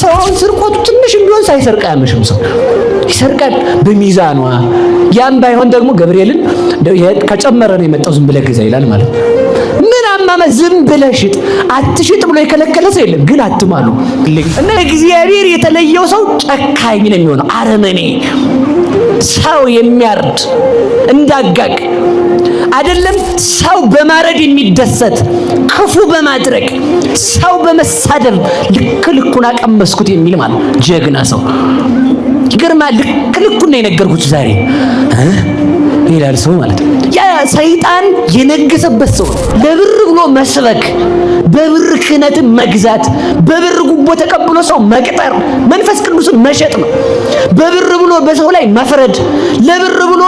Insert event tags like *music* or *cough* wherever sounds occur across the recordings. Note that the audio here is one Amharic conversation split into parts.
ሰው አሁን ስርቆቱ ትንሽ ቢሆን ሳይሰርቅ አያመሽም። ሰው ይሰርቃል በሚዛኗ። ያም ባይሆን ደግሞ ገብርኤልን ከጨመረ ነው የመጣው ዝም ብለህ ግዛ ይላል ማለት ምን አማመ ዝም ብለህ ሽጥ አትሽጥ ብሎ የከለከለ ሰው የለም። ግን አትማሉ እና እግዚአብሔር የተለየው ሰው ጨካኝ ነው የሚሆነው አረመኔ ሰው የሚያርድ እንዳጋግ አይደለም ሰው በማረድ የሚደሰት ክፉ በማድረግ ሰው በመሳደብ ልክ ልኩን አቀመስኩት የሚል ማለት ጀግና ሰው ይገርማ። ልክ ልኩን ነው የነገርኩት ዛሬ ይላል ሰው ማለት ነው። ሰይጣን የነገሰበት ሰው ለብር ብሎ መስበክ፣ በብር ክህነትን መግዛት፣ በብር ጉቦ ተቀብሎ ሰው መቅጠር መንፈስ ቅዱስን መሸጥ ነው። በብር ብሎ በሰው ላይ መፍረድ፣ ለብር ብሎ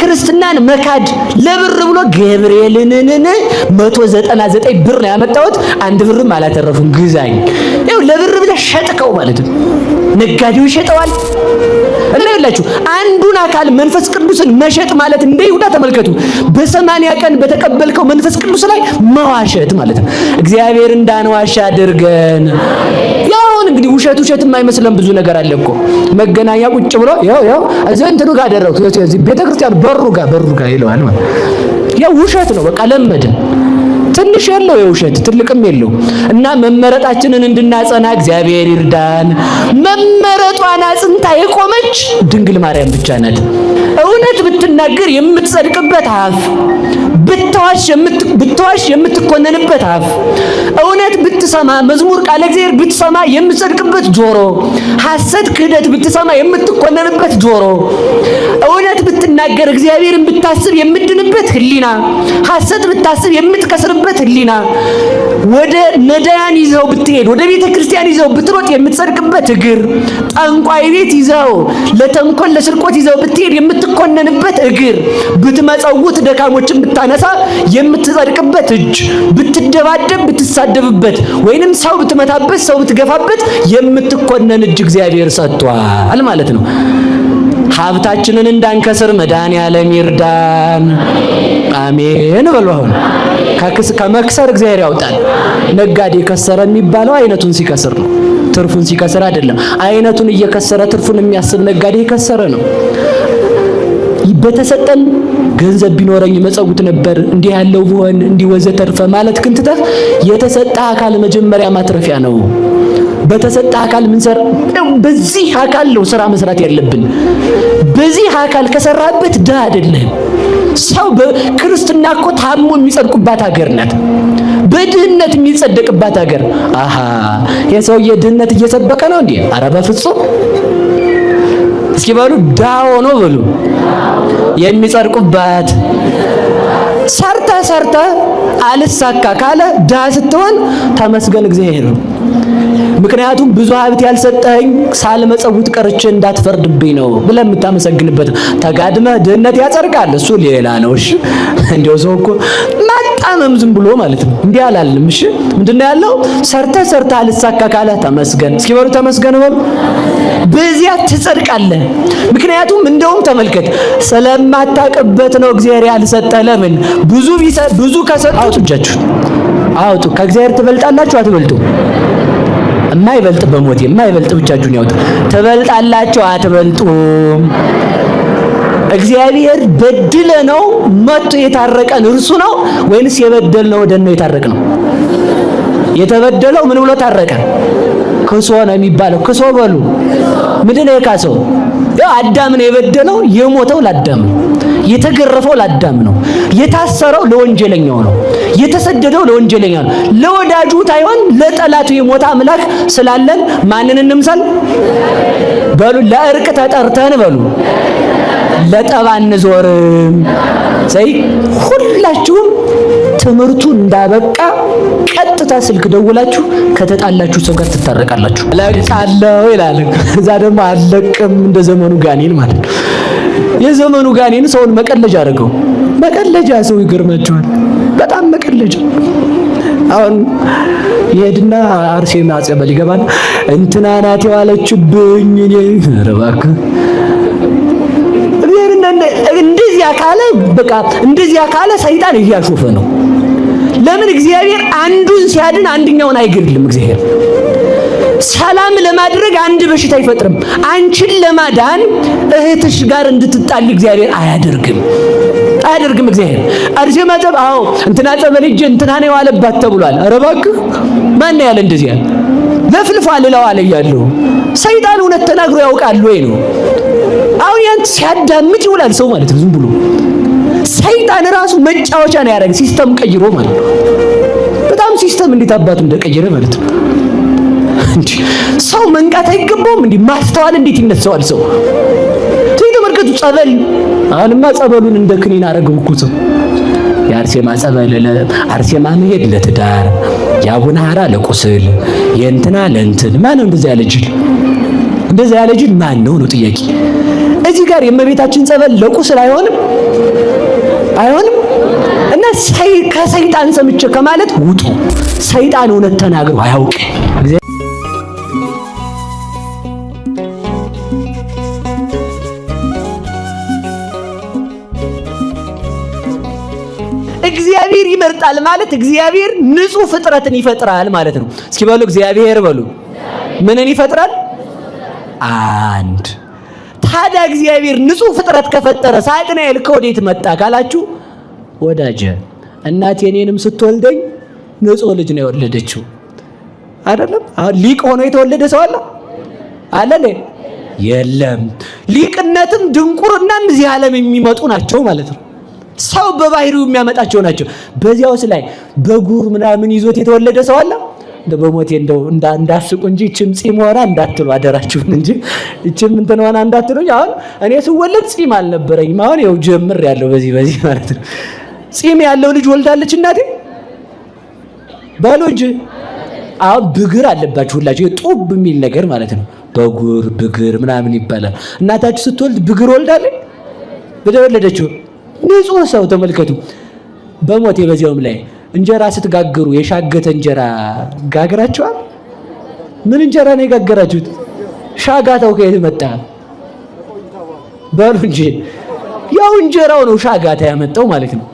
ክርስትናን መካድ፣ ለብር ብሎ ገብርኤልን መቶ ዘጠና ብር ነው ያመጣሁት አንድ ብርም አላተረፉም ግዛኝ። ይኸው ለብር ብለህ ሸጥከው ማለት ነው። ነጋዴው ይሸጠዋል እና አንዱን አካል መንፈስ ቅዱስን መሸጥ ማለት እንደ ይሁዳ ተመልከቱ። በሰማንያ ቀን በተቀበልከው መንፈስ ቅዱስ ላይ መዋሸት ማለት ነው። እግዚአብሔር እንዳንዋሽ አድርገን። ያውን እንግዲህ ውሸት ውሸት የማይመስለን ብዙ ነገር አለ እኮ መገናኛ ቁጭ ብሎ ያው ያው እዚህ እንትኑ ጋር አደረኩት ቤተክርስቲያን በሩ ጋር በሩ ጋር ይለዋል ማለት ያው ውሸት ነው። በቃ ለመድን ትንሽ ያለው የውሸት ትልቅም የለው እና መመረጣችንን እንድናጸና እግዚአብሔር ይርዳን። መመረጧን አጽንታ የቆመች ድንግል ማርያም ብቻ ናት። እውነት ብትናገር የምትጸድቅበት አፍ ብትዋሽ የምትኮነንበት አፍ፣ እውነት ብትሰማ መዝሙር ቃለ እግዚአብሔር ብትሰማ የምትጸድቅበት ጆሮ፣ ሐሰት ክህደት ብትሰማ የምትኮነንበት ጆሮ፣ እውነት ብትናገር እግዚአብሔርን ብታስብ የምድንበት ህሊና ሐሰት ብታስብ የምትከስርበት ህሊና ወደ ነዳያን ይዘው ብትሄድ ወደ ቤተ ክርስቲያን ይዘው ብትሮጥ የምትጸድቅበት እግር፣ ጠንቋይ ቤት ይዘው ለተንኮል ለስርቆት ይዘው ብትሄድ የምትኮነንበት እግር፣ ብትመጸውት ደካሞችን ብታነሳ ብትነሳ የምትጸድቅበት እጅ፣ ብትደባደብ ብትሳደብበት፣ ወይንም ሰው ብትመታበት፣ ሰው ብትገፋበት የምትኮነን እጅ እግዚአብሔር ሰጥቷል ማለት ነው። ሀብታችንን እንዳንከስር መድኃኔ ዓለም ይርዳን። አሜን በሉ። አሁን ከመክሰር እግዚአብሔር ያውጣል። ነጋዴ ከሰረ የሚባለው አይነቱን ሲከስር ነው፣ ትርፉን ሲከስር አይደለም። አይነቱን እየከሰረ ትርፉን የሚያስብ ነጋዴ የከሰረ ነው። በተሰጠን ገንዘብ ቢኖረኝ መጸውት ነበር እንዲህ ያለው ብሆን እንዲወዘ ተርፈ ማለት ግን ትተህ የተሰጠ አካል መጀመሪያ ማትረፊያ ነው። በተሰጠ አካል ምን ሰራ? በዚህ አካል ነው ስራ መስራት ያለብን። በዚህ አካል ከሰራበት ድሃ አይደለህም። ሰው በክርስትና እኮ ታሞ የሚጸድቁባት ሀገር ናት። በድህነት የሚጸደቅባት ሀገር። አሃ የሰውዬ ድህነት እየሰበከ ነው እንዴ? ኧረ በፍጹም እስኪ በሉ ድሃ ሆኖ በሉ የሚጸድቁባት ሰርተ ሰርተ አልሳካ ካለ ድሃ ስትሆን ተመስገን እግዚአብሔር ምክንያቱም ብዙ ሀብት ያልሰጠኝ ሳልመጸውት ቀርቼ እንዳትፈርድብኝ ነው ብለህ የምታመሰግንበት ነው። ተጋድመህ ድህነት ያጸድቃል፣ እሱ ሌላ ነው። እሺ እንደው ሰው እኮ አልጣመም ዝም ብሎ ማለት ነው። እንዲህ አላለም። እሺ ምንድነው ያለው? ሰርተ ሰርተ አልሳካ ካለ ተመስገን። እስኪ በሉ ተመስገን በሉ። በዚያ ትጸድቃለህ። ምክንያቱም እንደውም ተመልከት፣ ስለማታውቅበት ነው እግዚአብሔር ያልሰጠ ለምን ብዙ ብዙ ከሰጡት አውጡ፣ እጃችሁን አውጡ። ከእግዚአብሔር ትበልጣላችሁ አትበልጡ? የማይበልጥ በሞት የማይበልጥ ብቻችሁን ያውጡ። ትበልጣላችሁ አትበልጡም? እግዚአብሔር በድለ ነው መጥቶ የታረቀን እርሱ ነው ወይንስ ነው ደን ነው ነው? የተበደለው ምን ብሎ ታረቀ? ክሶ ነው የሚባለው። ክሶ በሉ ምንድን ነው የካሰው? አዳም ነው የበደለው። የሞተው ለአዳም ነው። የተገረፈው ለአዳም ነው። የታሰረው ለወንጀለኛው ነው። የተሰደደው ለወንጀለኛው ነው። ለወዳጁ ታይሆን ለጠላቱ የሞተ አምላክ ስላለን ማንን እንምሰል በሉ። ለእርቅ ተጠርተን በሉ ለጠብ አንዞርም። ሰይ ሁላችሁም ትምህርቱ እንዳበቃ ቀጥታ ስልክ ደውላችሁ ከተጣላችሁ ሰው ጋር ትታረቃላችሁ። ለቃለው ይላል። እዛ ደግሞ አለቅም እንደ ዘመኑ ጋኔን ማለት ነው። የዘመኑ ጋኔን ሰውን መቀለጃ አድርገው መቀለጃ ሰው ይገርማቸዋል። በጣም መቀለጃ አሁን ይሄድና አርሴ ጸበል ይገባል። እንትና ናት የዋለችብኝ እኔ እባክህ እንደዚያ ካለ በቃ እንደዚያ ካለ ሰይጣን እያሾፈ ነው። ለምን እግዚአብሔር አንዱን ሲያድን አንድኛውን አይገድልም? እግዚአብሔር ሰላም ለማድረግ አንድ በሽታ አይፈጥርም። አንቺን ለማዳን እህትሽ ጋር እንድትጣል እግዚአብሔር አያደርግም አያደርግም። እግዚአብሔር አርጀ ማጠብ አዎ እንትና ጠበል እጅ እንትና ነው የዋለባት ተብሏል። ኧረ እባክህ ማን ያለ እንደዚህ ያለ ለፍልፏል እለዋለሁ እያለሁ ሰይጣን እውነት ተናግሮ ያውቃል ወይ ነው አሁን ያንተ ሲያዳምጥ ይውላል ሰው ማለት ነው። ዝም ብሎ ሰይጣን ራሱ መጫወቻ ነው ያደረግ ሲስተም ቀይሮ ማለት ነው። በጣም ሲስተም እንዴት አባቱ እንደቀየረ ማለት ነው። ሰው መንቃት አይገባውም እንዴ? ማስተዋል እንዴት ይነሳዋል ሰው? ተመልከቱ፣ ጸበል አሁንማ ጸበሉን እንደ ክኒን አደረገው እኮ ሰው። የአርሴማ ጸበል አርሴማ መሄድ ለትዳር የአቡነ ሐራ ለቁስል የእንትና ለእንትን ማን ነው እንደዚህ ያለ ጅል እንደዚህ ያለ ጅል ማን ነው ነው ጥያቄ። እዚህ ጋር የእመቤታችን ጸበል ለቁስል አይሆንም አይሆንም። እና ከሰይጣን ሰምቼ ከማለት ውጡ። ሰይጣን እውነት ተናግሮ አያውቅ። እግዚአብሔር ይመርጣል ማለት እግዚአብሔር ንጹሕ ፍጥረትን ይፈጥራል ማለት ነው። እስኪ በሉ እግዚአብሔር በሉ ምንን ይፈጥራል? አንድ ታዲያ እግዚአብሔር ንጹህ ፍጥረት ከፈጠረ ሳጥናኤል ከወዴት መጣ ካላችሁ፣ ወዳጀ እናቴ እኔንም ስትወልደኝ ንጹህ ልጅ ነው የወለደችው። አይደለም ሊቅ ሆኖ የተወለደ ሰው አለ አለ የለም። ሊቅነትም ድንቁርናም እዚህ ዓለም የሚመጡ ናቸው ማለት ነው። ሰው በባህሪው የሚያመጣቸው ናቸው። በዚያውስ ላይ በጉር ምናምን ይዞት የተወለደ ሰው አለ በሞቴ እንደው እንዳስቁ እንጂ ይችም ጺም ሆና እንዳትሉ አደራችሁን እንጂ ይችም እንትን ሆና እንዳትሉኝ። አሁን እኔ ስወለድ ጺም አልነበረኝም። አሁን ያው ጀምር ያለው በዚህ በዚህ ማለት ነው። ጺም ያለው ልጅ ወልዳለች እናቴ በሉ እንጂ አሁን ብግር አለባችሁ ሁላችሁ ጡብ የሚል ነገር ማለት ነው። በጉር ብግር ምናምን ይባላል። እናታችሁ ስትወልድ ብግር ወልዳለች። በተወለደችው ንጹህ ሰው ተመልከቱ። በሞቴ በዚያውም ላይ እንጀራ ስትጋግሩ የሻገተ እንጀራ ጋግራችኋል? ምን እንጀራ ነው የጋገራችሁት? ሻጋታው ከየት መጣ? በሉ እንጂ ያው እንጀራው ነው ሻጋታ ያመጣው ማለት ነው።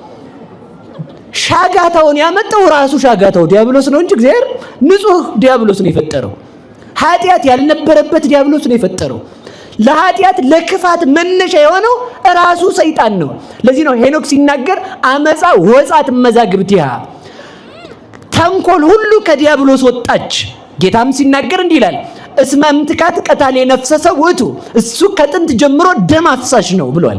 ሻጋታውን ያመጣው ራሱ ሻጋታው ዲያብሎስ ነው እንጂ እግዚአብሔር ንጹህ ዲያብሎስ ነው የፈጠረው። ኃጢአት ያልነበረበት ዲያብሎስ ነው የፈጠረው። ለኃጢአት ለክፋት መነሻ የሆነው ራሱ ሰይጣን ነው። ለዚህ ነው ሄኖክ ሲናገር አመፃ ወፃት መዛግብቲሃ ተንኮል ሁሉ ከዲያብሎስ ወጣች። ጌታም ሲናገር እንዲህ ይላል እስመምትካት ቀታል የነፍሰ ሰው ውእቱ እሱ ከጥንት ጀምሮ ደም አፍሳሽ ነው ብሏል።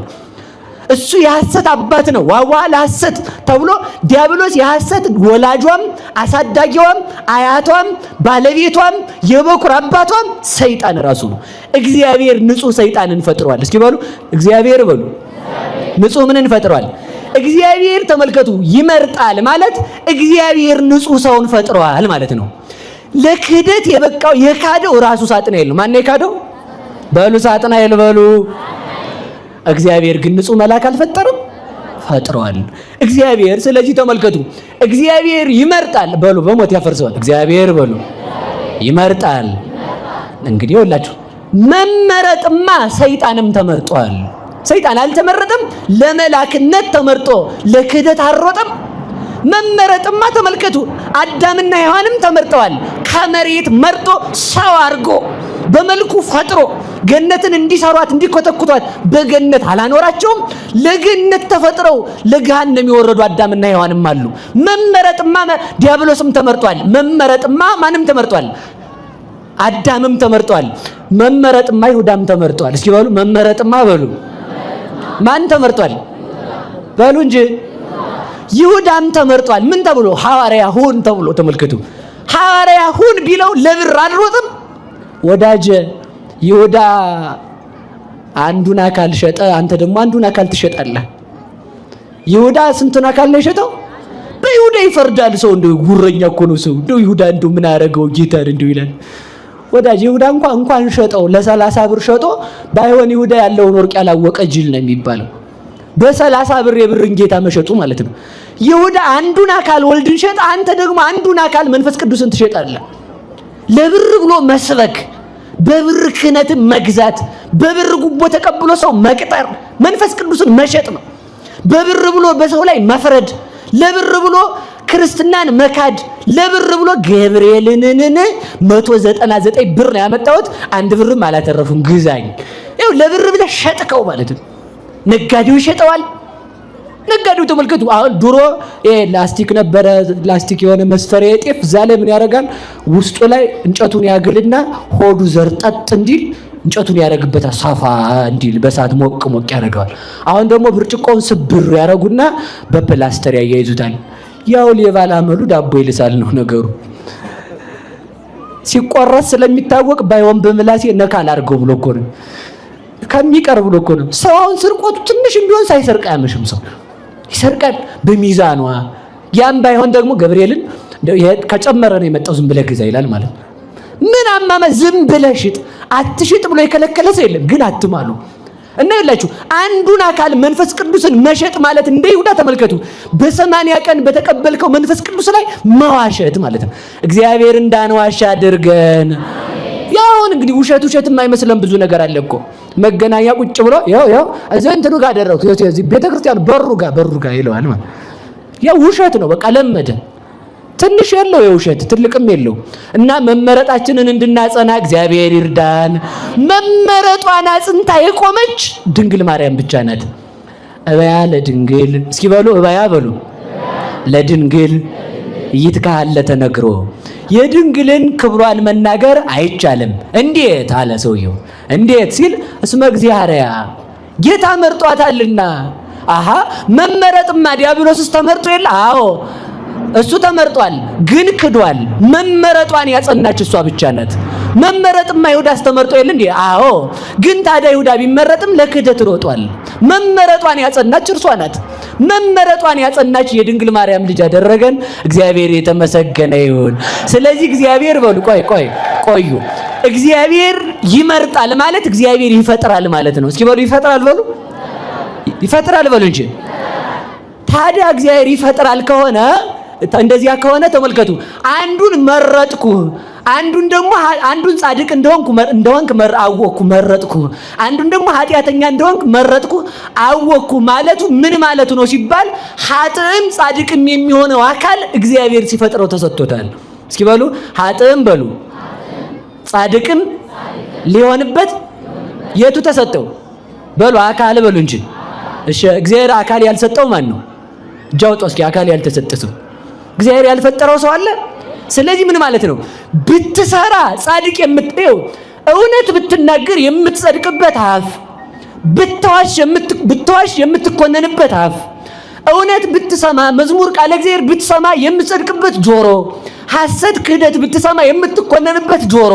እሱ የሐሰት አባት ነው። ዋዋ ለሐሰት ተብሎ ዲያብሎስ የሐሰት ወላጇም፣ አሳዳጊዋም፣ አያቷም፣ ባለቤቷም፣ የበኩር አባቷም ሰይጣን ራሱ ነው። እግዚአብሔር ንጹህ ሰይጣንን ፈጥሯል። እስኪ በሉ እግዚአብሔር በሉ ንጹህ ምንን ፈጥሯል? እግዚአብሔር ተመልከቱ፣ ይመርጣል ማለት እግዚአብሔር ንጹህ ሰውን ፈጥሯል ማለት ነው። ለክህደት የበቃው የካደው ራሱ ሳጥናኤል ነው። ማነው የካደው? በሉ ሳጥናኤል በሉ እግዚአብሔር ግን ንጹህ መልአክ አልፈጠረም? ፈጥሯል። እግዚአብሔር ስለዚህ ተመልከቱ፣ እግዚአብሔር ይመርጣል በሉ፣ በሞት ያፈርሰዋል። እግዚአብሔር በሉ ይመርጣል። እንግዲህ ወላችሁ መመረጥማ ሰይጣንም ተመርጧል። ሰይጣን አልተመረጠም? ለመላክነት ተመርጦ ለክህደት አልሮጠም? መመረጥማ ተመልከቱ፣ አዳምና ሔዋንም ተመርጠዋል። ከመሬት መርጦ ሰው አድርጎ በመልኩ ፈጥሮ ገነትን እንዲሰሯት እንዲኮተኩቷት በገነት አላኖራቸውም። ለገነት ተፈጥረው ለገሃነም የወረዱ አዳምና ሔዋንም አሉ። መመረጥማ ዲያብሎስም ተመርጧል። መመረጥማ ማንም ተመርጧል። አዳምም ተመርጧል። መመረጥማ ይሁዳም ተመርጧል። እስኪ በሉ መመረጥማ በሉ ማን ተመርጧል? በሉ እንጂ ይሁዳም ተመርጧል። ምን ተብሎ ሐዋርያ ሁን ተብሎ ተመልከቱ። ሐዋርያ ሁን ቢለው ለብር አልሮጥም ወዳጀ ይሁዳ አንዱን አካል ሸጠ፣ አንተ ደግሞ አንዱን አካል ትሸጣለህ። ይሁዳ ስንቱን አካል ነው የሸጠው? በይሁዳ ይፈርዳል ሰው። እንደው ጉረኛ እኮ ነው ሰው። እንደው ይሁዳ እንደው ምን አደረገው ጌታን እንደው ይላል። ወዳጅ ይሁዳ እንኳን እንኳን ሸጠው ለሰላሳ ብር ሸጦ ባይሆን ይሁዳ ያለውን ወርቅ ያላወቀ ጅል ነው የሚባለው። በሰላሳ ብር የብርን ጌታ መሸጡ ማለት ነው። ይሁዳ አንዱን አካል ወልድን ሸጠ አንተ ደግሞ አንዱን አካል መንፈስ ቅዱስን ትሸጣለህ። ለብር ብሎ መስበክ በብር ክህነትን መግዛት፣ በብር ጉቦ ተቀብሎ ሰው መቅጠር መንፈስ ቅዱስን መሸጥ ነው። በብር ብሎ በሰው ላይ መፍረድ፣ ለብር ብሎ ክርስትናን መካድ፣ ለብር ብሎ ገብርኤልንን 199 ብር ነው ያመጣሁት፣ አንድ ብርም አላተረፉም ግዛኝ። ይኸው ለብር ብለህ ሸጥከው ማለት ነው። ነጋዴው ይሸጠዋል፣ ነጋዴው ተመልከቱ። አሁን ድሮ ላስቲክ ነበረ፣ ላስቲክ የሆነ መስፈሪያ የጤፍ ዛለ ምን ያደርጋል? ውስጡ ላይ እንጨቱን ያግልና ሆዱ ዘርጠጥ እንዲል እንጨቱን ያደርግበታል፣ ሳፋ እንዲል በሳት ሞቅ ሞቅ ያደርገዋል። አሁን ደግሞ ብርጭቆውን ስብር ያደርጉና በፕላስተር ያያይዙታል። ያው ሌባል አመሉ ዳቦ ይልሳል ነው ነገሩ። ሲቆረስ ስለሚታወቅ ባይሆን በምላሴ ነካ አላርገው ብሎ እኮ ነው ከሚቀርብ እኮ ነው ሰው። አሁን ስርቆቱ ትንሽ ቢሆን ሳይሰርቅ አያመሽም ሰው። ይሰርቃል በሚዛኗ። ያም ባይሆን ደግሞ ገብርኤልን ከጨመረ ነው የመጣው ዝም ብለህ ግዛ ይላል ማለት ነው። ምን አማመ ዝም ብለህ ሽጥ አትሽጥ ብሎ የከለከለ ሰው የለም። ግን አትማሉ እና ይላችሁ አንዱን አካል መንፈስ ቅዱስን መሸጥ ማለት እንደ ይሁዳ ተመልከቱ። በሰማንያ ቀን በተቀበልከው መንፈስ ቅዱስ ላይ መዋሸት ማለት ነው። እግዚአብሔር እንዳንዋሻ አድርገን። ያሁን እንግዲህ ውሸት ውሸት የማይመስለን ብዙ ነገር አለ እኮ መገናኛ ቁጭ ብሎ ይኸው ይኸው እዚህ እንትኑ ጋር አደረኩት እዚህ ቤተ ክርስቲያኑ በሩ ጋር በሩ ጋር ይለዋል ማለት ያው ውሸት ነው። በቃ ለመደ። ትንሽ የለው የውሸት ትልቅም የለው እና መመረጣችንን እንድናጸና እግዚአብሔር ይርዳን። መመረጧን አጽንታ የቆመች ድንግል ማርያም ብቻ ናት። እበያ ለድንግል እስኪ በሉ እበያ በሉ ለድንግል ይትካሃለ ተነግሮ የድንግልን ክብሯን መናገር አይቻልም። እንዴት አለ ሰውየው። እንዴት ሲል እስመ እግዚአርያ ጌታ መርጧታልና። አሃ መመረጥማ ዲያብሎስስ ተመርጦ የለ? አዎ እሱ ተመርጧል፣ ግን ክዷል። መመረጧን ያጸናች እሷ ብቻ ናት። መመረጥማ ይሁዳስ ተመርጦ የለ እንዴ? አዎ ግን ታዲያ ይሁዳ ቢመረጥም ለክህደት ሮጧል። መመረጧን ያጸናች እርሷ ናት። መመረጧን ያጸናች የድንግል ማርያም ልጅ አደረገን እግዚአብሔር የተመሰገነ ይሁን። ስለዚህ እግዚአብሔር በሉ ቆይ ቆይ ቆዩ እግዚአብሔር ይመርጣል ማለት እግዚአብሔር ይፈጥራል ማለት ነው። እስኪ በሉ ይፈጥራል፣ በሉ ይፈጥራል፣ በሉ እንጂ። ታዲያ እግዚአብሔር ይፈጥራል ከሆነ እንደዚያ ከሆነ ተመልከቱ፣ አንዱን መረጥኩህ አንዱን ደግሞ አንዱን ጻድቅ እንደሆንኩ እንደሆንክ አወቅኩ መረጥኩ። አንዱን ደግሞ ኃጢአተኛ እንደሆንክ መረጥኩ አወቅኩ ማለቱ ምን ማለቱ ነው ሲባል ኃጥእም ጻድቅም የሚሆነው አካል እግዚአብሔር ሲፈጥረው ተሰጥቶታል። እስኪ በሉ ኃጥእም በሉ ጻድቅም ሊሆንበት የቱ ተሰጠው? በሉ አካል በሉ እንጂ። እሺ እግዚአብሔር አካል ያልሰጠው ማን ነው? እጅ አውጡ እስኪ። አካል እግዚአብሔር ያልፈጠረው ሰው አለ? ስለዚህ ምን ማለት ነው? ብትሰራ ጻድቅ የምትየው እውነት ብትናገር የምትጸድቅበት አፍ፣ ብትዋሽ የምትኮነንበት አፍ እውነት ብትሰማ መዝሙር ቃለ እግዚአብሔር ብትሰማ የምትጸድቅበት ጆሮ፣ ሐሰት ክህደት ብትሰማ የምትኮነንበት ጆሮ፣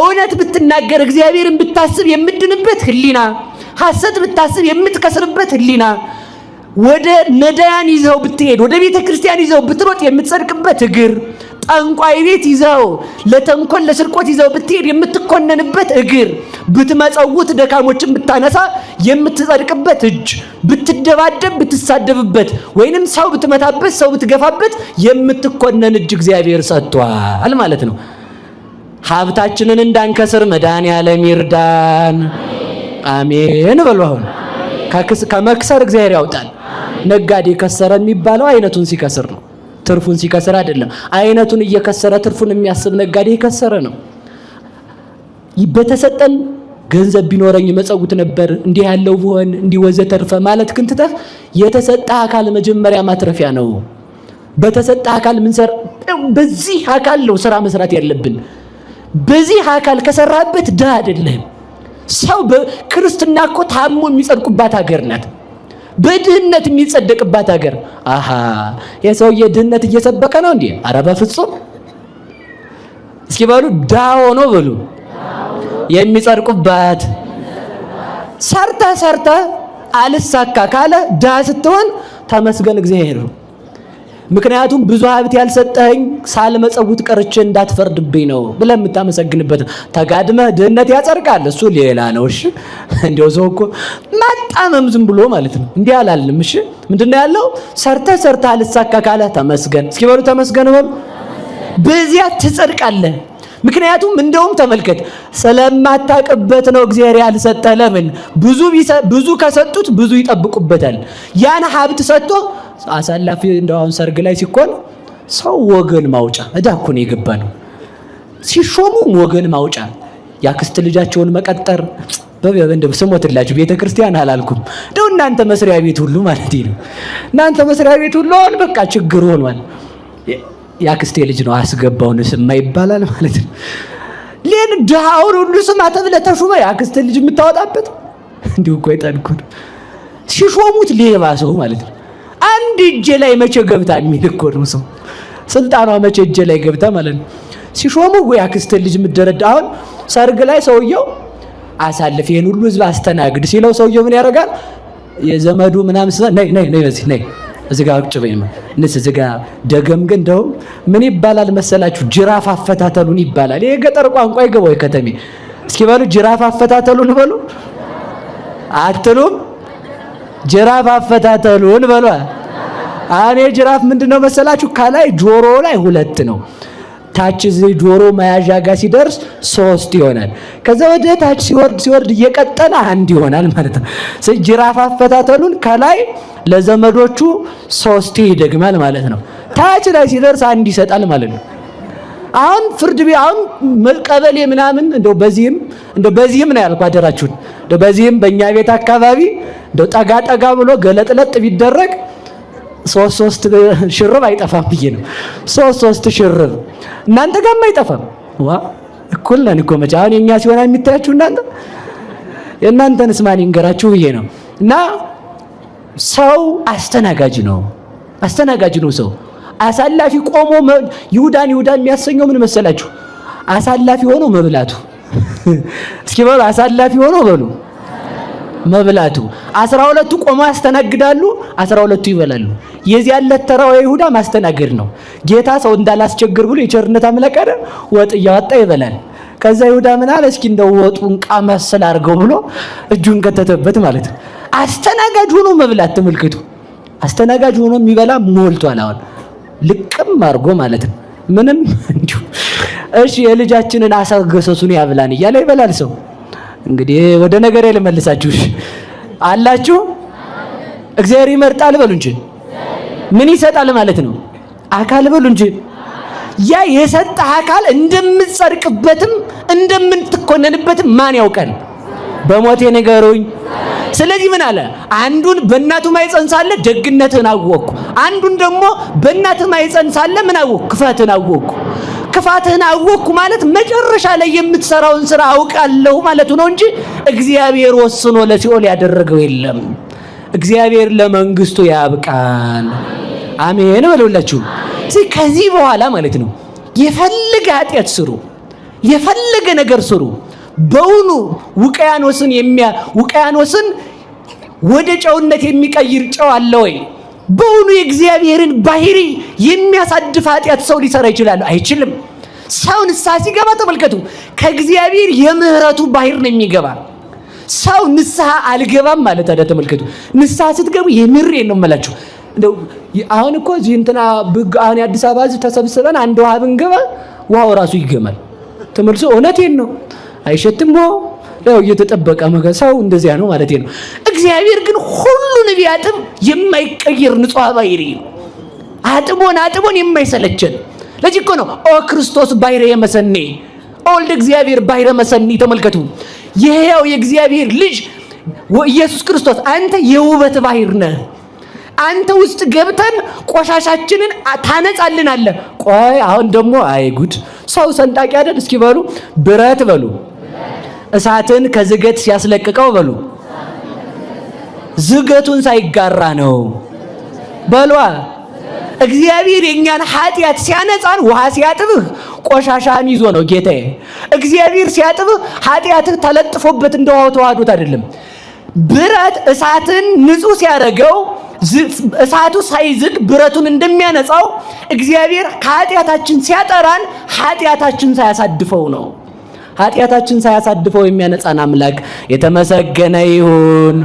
እውነት ብትናገር እግዚአብሔርን ብታስብ የምድንበት ህሊና ሐሰት ብታስብ የምትከስርበት ህሊና ወደ ነዳያን ይዘው ብትሄድ፣ ወደ ቤተ ክርስቲያን ይዘው ብትሮጥ የምትጸድቅበት እግር ጠንቋይ ቤት ይዘው ለተንኮል ለስርቆት ይዘው ብትሄድ የምትኮነንበት እግር፣ ብትመጸውት ደካሞችን ብታነሳ የምትጸድቅበት እጅ፣ ብትደባደብ ብትሳደብበት፣ ወይንም ሰው ብትመታበት ሰው ብትገፋበት የምትኮነን እጅ እግዚአብሔር ሰጥቷል ማለት ነው። ሀብታችንን እንዳንከስር መድኃኔዓለም ይርዳን። አሜን በሉ። አሁን ከመክሰር እግዚአብሔር ያውጣል። ነጋዴ ከሰረ የሚባለው አይነቱን ሲከስር ነው። ትርፉን ሲከስር አይደለም፣ አይነቱን እየከሰረ ትርፉን የሚያስብ ነጋዴ የከሰረ ነው። በተሰጠን ገንዘብ ቢኖረኝ መጸውት ነበር እንዲህ ያለው ብሆን እንዲህ ወዘተርፈ ማለት ግን የተሰጠ አካል መጀመሪያ ማትረፊያ ነው። በተሰጠ አካል ምንሰር በዚህ አካል ነው ስራ መስራት ያለብን። በዚህ አካል ከሰራበት ድሃ አይደለም ሰው። በክርስትና እኮ ታሞ የሚጸድቁባት ሀገር ናት። በድህነት የሚጸደቅባት ሀገር። አሃ የሰውዬ ድህነት እየሰበከ ነው እንዴ? አረበ በፍጹም እስኪ በሉ ዳ ሆኖ በሉ የሚጸድቁባት ሰርታ ሰርታ አልሳካ ካለ ዳ ስትሆን ተመስገን እግዚአብሔር ነው። ምክንያቱም ብዙ ሀብት ያልሰጠኸኝ ሳልመጸውት ቀርቼ እንዳትፈርድብኝ ነው ብለህ የምታመሰግንበት ነው። ተጋድመህ ድህነት ያጸድቃል፣ እሱ ሌላ ነው። እሺ እንዲያው ሰው እኮ መጣመም ዝም ብሎ ማለት ነው እንዲህ አላልም። እሺ ምንድን ነው ያለው? ሰርተህ ሰርተህ አልሳካ ካለ ተመስገን። እስኪ በሉ ተመስገን በሉ። በዚያ ትጸድቃለህ። ምክንያቱም እንደውም ተመልከት፣ ስለማታቅበት ነው እግዚአብሔር ያልሰጠህ። ለምን ብዙ ብዙ ከሰጡት ብዙ ይጠብቁበታል። ያን ሀብት ሰጥቶ አሳላፊ እንደው ሰርግ ላይ ሲኮን ሰው ወገን ማውጫ እዳ እኮ ነው የገባ ነው። ሲሾሙም ወገን ማውጫ ያክስት ልጃቸውን መቀጠር በበንድ ስሞትላችሁ ቤተ ክርስቲያን አላልኩም እንደው እናንተ መስሪያ ቤት ሁሉ ማለት ነው። እናንተ መስሪያ ቤት ሁሉ አሁን በቃ ችግር ሆኗል። ያክስቴ ልጅ ነው አስገባውን ስማ ይባላል ማለት ነው። ሌን ድሃውን ሁሉ ስማ ተብለህ ተሹመህ ያክስቴ ልጅ የምታወጣበት እንዲሁ እኮ ይጠንኩ ሲሾሙት ሌባ ሰው ማለት ነው። አንድ እጄ ላይ መቼ ገብታ የሚል እኮ ነው ሰው ስልጣኗ መቼ እጄ ላይ ገብታ ማለት ነው። ሲሾሙ ወይ አክስትን ልጅ የምትደረድ አሁን ሰርግ ላይ ሰውየው አሳልፍ ይህን ሁሉ ህዝብ አስተናግድ ሲለው ሰውየው ምን ያደርጋል? የዘመዱ ምናምን ስለ ነይ ነይ ነይ በዚህ ነይ እዚህ ጋር አቅጭ በይ ንስ እዚህ ጋር ደገም ግን ደው ምን ይባላል መሰላችሁ? ጅራፍ አፈታተሉን ይባላል። ይሄ ገጠር ቋንቋ ይገባው ከተሜ እስኪ በሉ ጅራፍ አፈታተሉን በሉ አትሉም? ጅራፍ አፈታተሉን በሏ። እኔ ጅራፍ ምንድን ነው መሰላችሁ? ከላይ ጆሮ ላይ ሁለት ነው። ታች እዚህ ጆሮ መያዣ ጋር ሲደርስ ሶስት ይሆናል። ከዛ ወደ ታች ሲወርድ ሲወርድ እየቀጠለ አንድ ይሆናል ማለት ነው። ስለዚህ ጅራፍ አፈታተሉን ከላይ ለዘመዶቹ ሶስቴ ይደግማል ማለት ነው። ታች ላይ ሲደርስ አንድ ይሰጣል ማለት ነው። አሁን ፍርድ ቤት አሁን ቀበሌ ምናምን እንደው በዚህም እንደው በዚህም ነው ያልኩ አደራችሁን እንደው በዚህም በእኛ ቤት አካባቢ እንደው ጠጋ ጠጋ ብሎ ገለጥለጥ ቢደረግ ሶስት ሶስት ሽርብ አይጠፋም ብዬ ነው። ሶስት ሶስት ሽርብ እናንተ ጋርም አይጠፋም። ዋ እኩል ነን እኮ መቼ አሁን የእኛ ሲሆን የሚታያችሁ እናንተ የእናንተንስ ማን ይንገራችሁ ብዬ ነው። እና ሰው አስተናጋጅ ነው፣ አስተናጋጅ ነው ሰው አሳላፊ ቆሞ ይሁዳን ይሁዳን የሚያሰኘው ምን መሰላችሁ? አሳላፊ ሆኖ መብላቱ። *laughs* እስኪ በሉ አሳላፊ ሆኖ በሉ መብላቱ። አስራ ሁለቱ ቆሞ ያስተናግዳሉ፣ አስራ ሁለቱ ይበላሉ። የዚህ ያለ ተራው ይሁዳ ማስተናገድ ነው። ጌታ ሰው እንዳላስቸግር ብሎ የቸርነት አምላክ ወጥ እያወጣ ይበላል። ከዛ ይሁዳ ምን አለ? እስኪ እንደው ወጡን ቃመስ ስላርገው ብሎ እጁን ከተተበት ማለት ነው። አስተናጋጅ ሆኖ መብላት ተመልክቱ። አስተናጋጅ ሆኖ የሚበላ ሞልቷል አሁን ልቅም አድርጎ ማለት ነው። ምንም እንዲሁ እሺ፣ የልጃችንን አሳ ገሰሱን ያብላን እያለ ይበላል ሰው። እንግዲህ ወደ ነገር ልመልሳችሁ አላችሁ። እግዚአብሔር ይመርጣል በሉ እንጂ ምን ይሰጣል ማለት ነው። አካል በሉ እንጂ ያ የሰጠህ አካል እንደምትጸድቅበትም እንደምትኮነንበትም ማን ያውቀን? በሞቴ ነገሩኝ? ስለዚህ ምን አለ? አንዱን በእናቱ ማኅፀን ሳለ ደግነትህን አወቅኩ፣ አንዱን ደግሞ በእናትህ ማኅፀን ሳለ ምን አወቅኩ? ክፋትህን አወቅኩ። ክፋትህን አወቅኩ ማለት መጨረሻ ላይ የምትሰራውን ስራ አውቃለሁ ማለት ነው እንጂ እግዚአብሔር ወስኖ ለሲኦል ያደረገው የለም። እግዚአብሔር ለመንግስቱ ያብቃን። አሜን በሉላችሁ። ከዚህ በኋላ ማለት ነው የፈለገ ኃጢአት ስሩ፣ የፈለገ ነገር ስሩ በውኑ ውቅያኖስን የሚያ ውቅያኖስን ወደ ጨውነት የሚቀይር ጨው አለ ወይ? በውኑ የእግዚአብሔርን ባህሪ የሚያሳድፍ ኃጢአት ሰው ሊሰራ ይችላል? አይችልም። ሰው ንስሐ ሲገባ ተመልከቱ፣ ከእግዚአብሔር የምህረቱ ባህር ነው የሚገባ። ሰው ንስሐ አልገባም ማለት ታዲያ ተመልከቱ፣ ንስሐ ስትገቡ የምሬ ነው የምላችሁ። አሁን እኮ እዚህ እንትና ብግ አሁን የአዲስ አበባ ህዝብ ተሰብስበን አንድ ውሃ ብንገባ ውሃው ራሱ ይገማል። ተመልሶ እውነቴን ነው አይሸትም። ቦ ያው እየተጠበቀ መገ ሰው እንደዚያ ነው ማለት ነው። እግዚአብሔር ግን ሁሉን ቢያጥብ የማይቀየር ንጹሕ ባሕርይ ነው። አጥቦን አጥቦን የማይሰለቸን ለዚህ እኮ ነው ኦ ክርስቶስ ባሕረ የመሰኔ ኦልድ እግዚአብሔር ባሕረ መሰኒ። ተመልከቱ የሕያው የእግዚአብሔር ልጅ ኢየሱስ ክርስቶስ አንተ የውበት ባሕር ነህ። አንተ ውስጥ ገብተን ቆሻሻችንን አለ። ቆይ አሁን ደግሞ ጉድ ሰው ሰንጣቂ አይደል? እስኪ በሉ ብረት በሉ እሳትን ከዝገት ሲያስለቅቀው በሉ ዝገቱን ሳይጋራ ነው በሏ። እግዚአብሔር የእኛን ኃጢአት ሲያነጻን ውሃ ሲያጥብህ ቆሻሻን ይዞ ነው ጌታዬ። እግዚአብሔር ሲያጥብህ ኃጢአትህ ተለጥፎበት እንደ ውሃው ተዋህዶት አይደለም። ብረት እሳትን ንጹህ ሲያደርገው እሳቱ ሳይዝግ ብረቱን እንደሚያነጻው እግዚአብሔር ከኃጢአታችን ሲያጠራን ኃጢአታችን ሳያሳድፈው ነው። ኃጢአታችን ሳያሳድፈው የሚያነጻን አምላክ የተመሰገነ ይሁን።